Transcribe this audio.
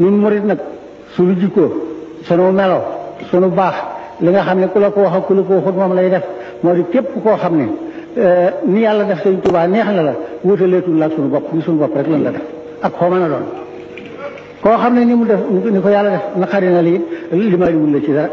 ñun murit nag suñu jikkoo sunu melo sunu baax li nga xam ne ku la ko wax ak ku la ko waxut moom lay def moo di képp koo xam ne eh, ni yàlla def sëñ Tuubaa neex na la wutaleetul la ak suñu bopp ni suñu bopp rek lan la def ak koo mën a doon koo xam ne ni mu def ni ko yàlla def naqari na lii li ma wul la ci dara